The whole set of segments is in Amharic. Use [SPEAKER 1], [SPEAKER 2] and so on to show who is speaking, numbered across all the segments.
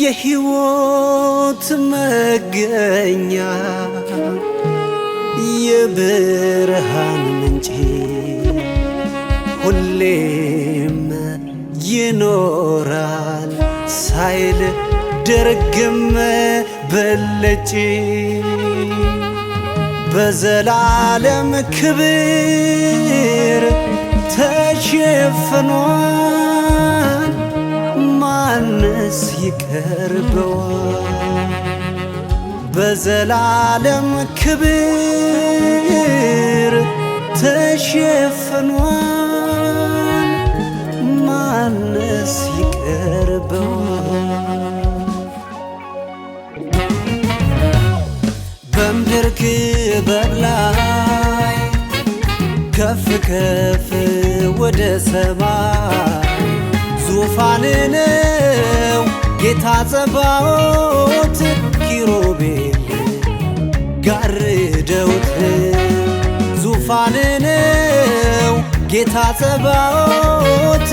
[SPEAKER 1] የሕይወት መገኛ የብርሃን ምንጭ ሁሌም ይኖራል ሳይል ደርግም በለጭ በዘላለም ክብር ተሸፍኗል። ሞገስ ይቀርበዋል በዘላለም ክብር ተሸፍኗል። ማነስ ይቀርበዋል በምድር ክብር ላይ ከፍ ከፍ ወደ ሰማይ ዙፋን ነው ጌታ ጸባዖት ኪሩቤል ጋርደውት ዙፋን ነው ጌታ ጸባዖት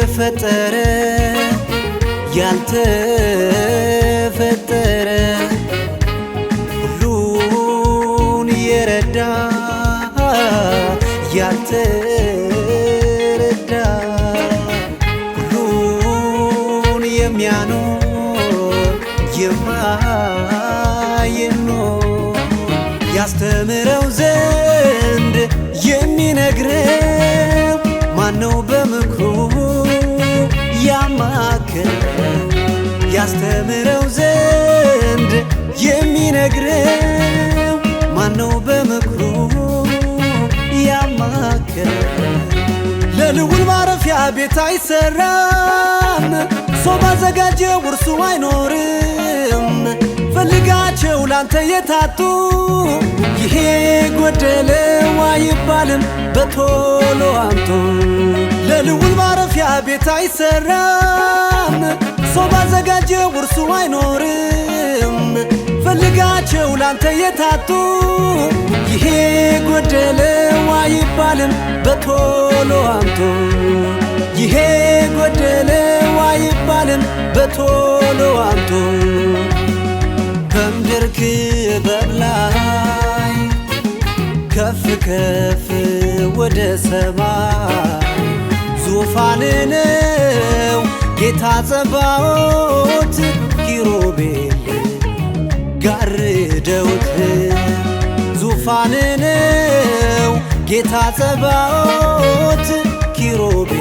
[SPEAKER 1] የፈጠረ ያልተፈጠረ ሁሉን የረዳ ያልተረዳ ሁሉን የሚያኖር የማይኖ ያስተምረው ዘንድ የሚነግረው ማነው በምክሩ መካከል ያስተምረው ዘንድ የሚነግረው ማነው በምክሩ ያማከረው? ለልዑል ማረፊያ ቤት አይሰራም፣ ሰው ባዘጋጀ ውርሱ አይኖርም። ፈልጋቸው ላንተ የታጡ ይሄ ጎደለ አይባልም በቶሎ አምቶ ለልውል ማረፊያ ቤት አይሰራም ሰው ባዘጋጀ ውርሱ አይኖርም ፈልጋቸው ላንተ የታጡ ይሄ ጎደለው አይባልም በቶሎ አምቶ ይሄ ጎደለው አይባልም በቶሎ ከፍ ወደ ሰማይ ዙፋን ነው ጌታ ጸባዖት ኪሩቤል ጋርደውት ዙፋን ነው ጌታ ጸባዖት ኪሩቤል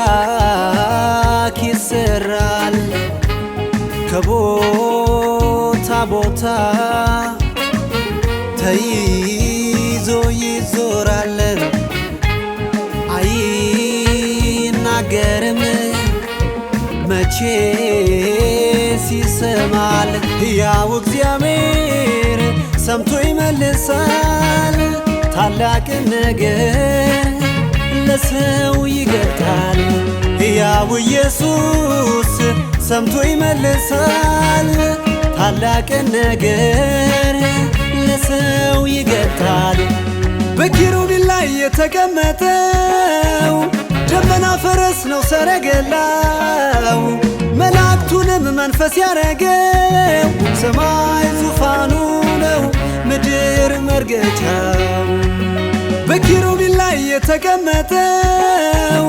[SPEAKER 1] አምላክ ይሰራል ከቦታ ቦታ ተይዞ ይዞራል። አይናገርም መቼስ ይሰማል። ሕያው እግዚአብሔር ሰምቶ ይመልሳል ታላቅን ነገር ለሰው ይገልጣል። ሕያው ኢየሱስ ሰምቶ ይመልሳል። ታላቅን ነገር ለሰው ይገልጣል። በኪሩቤል ላይ የተቀመጠው ደመና ፈረስ ነው ሰረገላው መላእክቱንም መንፈስ ያረገው ሰማይ ዙፋኑ ነው ምድር መርገጫው በኪሩቤል የተቀመጠው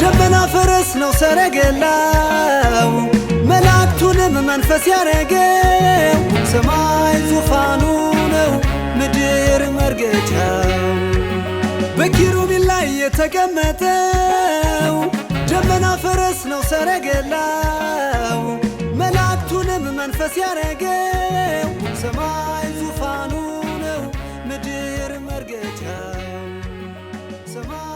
[SPEAKER 1] ጀበና ፈረስ ነው ሰረገላው መላእክቱንም መንፈስ ያረገው ሰማይ ዙፋኑ ነው ምድር መርገጫው በኪሩቤል ላይ የተቀመጠው ጀበና ፈረስ ነው ሰረገላው መላእክቱንም መንፈስ ያረገው ça va